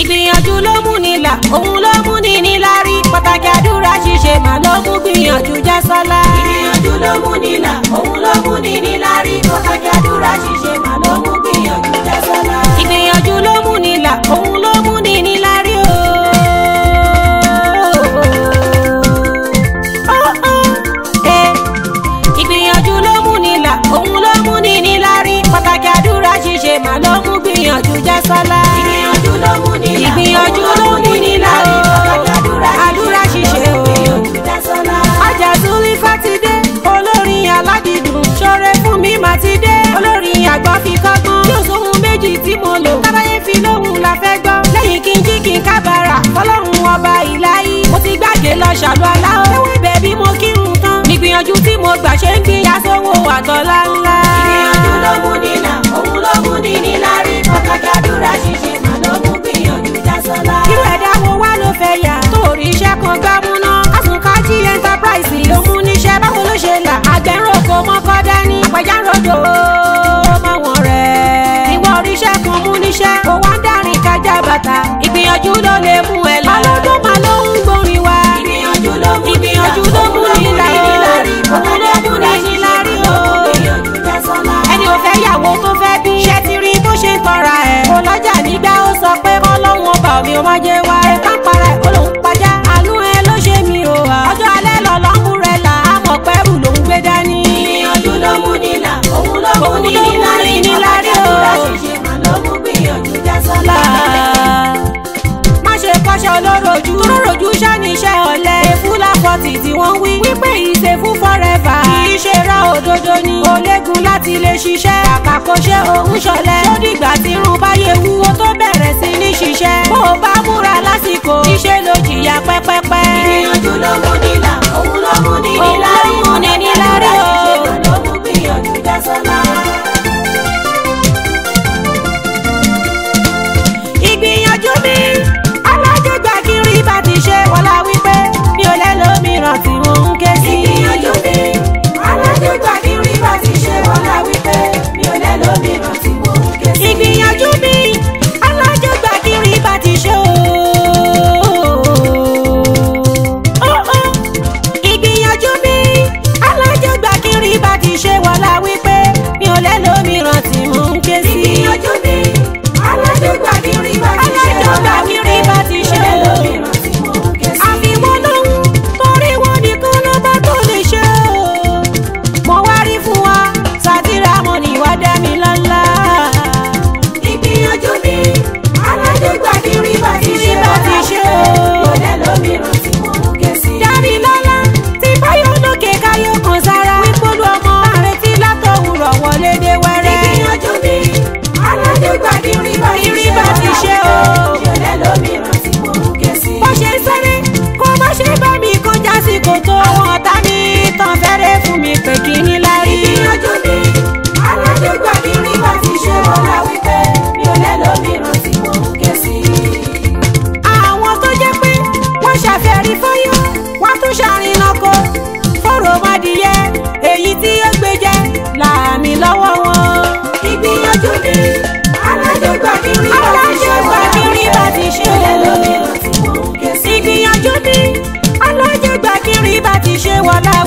ìgbìyànjú ló mú ni là òun ló mú ni ní lárí pàtàkì àdúrà ṣíṣe mà ló mú gbìyànjú já sọ́lá. ìgbìyànjú ló mú ni là òun ló mú ni ní lárí pàtàkì àdúrà ṣíṣe mà ló mú gbìyànjú já sọ́lá. ìgbìyànjú ló mú ni òun ló mú ní lárí o. mà ló mú gbìyànjú já sọ́lá ìyànjú ló ní nílà o àdúrà ṣíṣe o Àjàsùlì Fátidé olórin aládìdùn ṣọrẹ fún mi má ti dé olórin àgbà fi kọ́gbọ́n yóò sóhun méjì tí mo lò tábáyé fi lóhùn la fẹ́ gbọ́ lẹ́yìn kí n jí kí n kábàárà fọlọ́run ọba mo ti gbàgbé lọ ṣàlùwàlá o ewébẹ̀ bí mo kírun tán nígbìyànjú tí mo gbà ṣe ń gbìyà sówó àtọ́lá ń apẹja rojo mọ́wọ́n rẹ̀. ìwọ oríṣẹ́ kan mú níṣẹ́ kó wá dárin kájà bàtà ìgbìyànjú ló lè mú ẹ lọ. ọlọ́dún máa ló ń gbórin wa. ìgbìyànjú ló mú nílà ìgbìyànjú ló mú nílà òun ló mú nílà rí o. ẹni ò fẹ́ yàwó tó fẹ́ bí. ṣé ti rí bó ṣe ń tọ́ra ẹ̀. kò lọ́jà nígbà ó sọ pé ọlọ́run ọba mi ò má jẹ́ olóròjú olóròjú ṣàníṣẹ́ ọ̀lẹ fúlápọ̀tì tí wọ́n wí wípé ìṣe fún fọ́rẹ́fà kì í ṣe ra òdodo ni olégun láti lè ṣiṣẹ́ kàkóṣe òun ṣọlẹ̀ ó dìgbà tí irun báyé wú ó tó bẹ̀rẹ̀ sí ní ṣiṣẹ́ bó o bá fún mi pé kí n lárí. ìgbìyànjú mi alájọgbà mi nígbà tí ṣé ọlá wípé mi ò lẹ́lòmíràn tí mo ń ké sí. àwọn tó jẹ́ pé wọ́n ṣàfẹ́rí fọ́yọ́ wọ́n tún ṣàrin lọ́kọ fọ́rọ̀ mọ́dìyẹ èyí tí ó gbé jẹ́ làmì lọ́wọ́ wọn. ìgbìyànjú mi alájọgbà mi nígbà tí ṣé ọlá wípé mi ò lẹ́lòmíràn tí mo ń ké sí. ìgbìyànjú mi alájọgbà mi nígbà tí ṣé ọlá